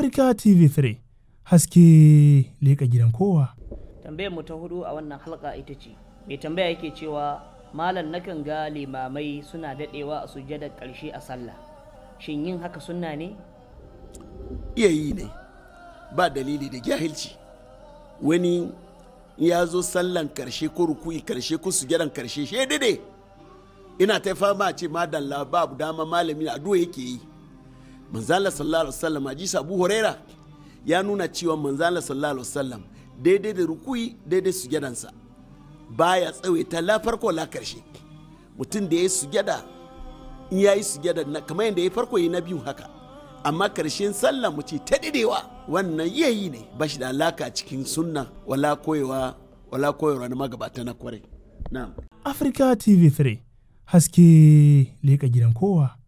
Africa TV3 haske leka gidan kowa. Tambayar mu ta hudu a wannan halka ita ce, mai tambaya yake cewa malam nakan ga limamai suna dadewa a sujjadar karshe a sallah. Shin yin haka sunna ne? Iya yi ne, ba dalili da jahilci. Wani ya zo sallan karshe ko rukui karshe ko sujjadan karshe shi dade. Ina ta fama ce madalla babu dama malami a addu'a yake yi. manzala sallallahu alaihi wasallam hadisi abu huraira ya nuna cewa manzala sallallahu alaihi wasallam daidai da rukui daidai sujadansa baya tsawaita la farko la karshe mutum da ya yi sujada in ya yi sujada kamar yadda ya farko ya na biyu haka amma karshen sallah mu ce ta dadewa wannan yayi ne ba shi da alaka cikin sunna wala koyewa wala koyarwa na magabata na kwarai na africa tv 3 haske leka gidan kowa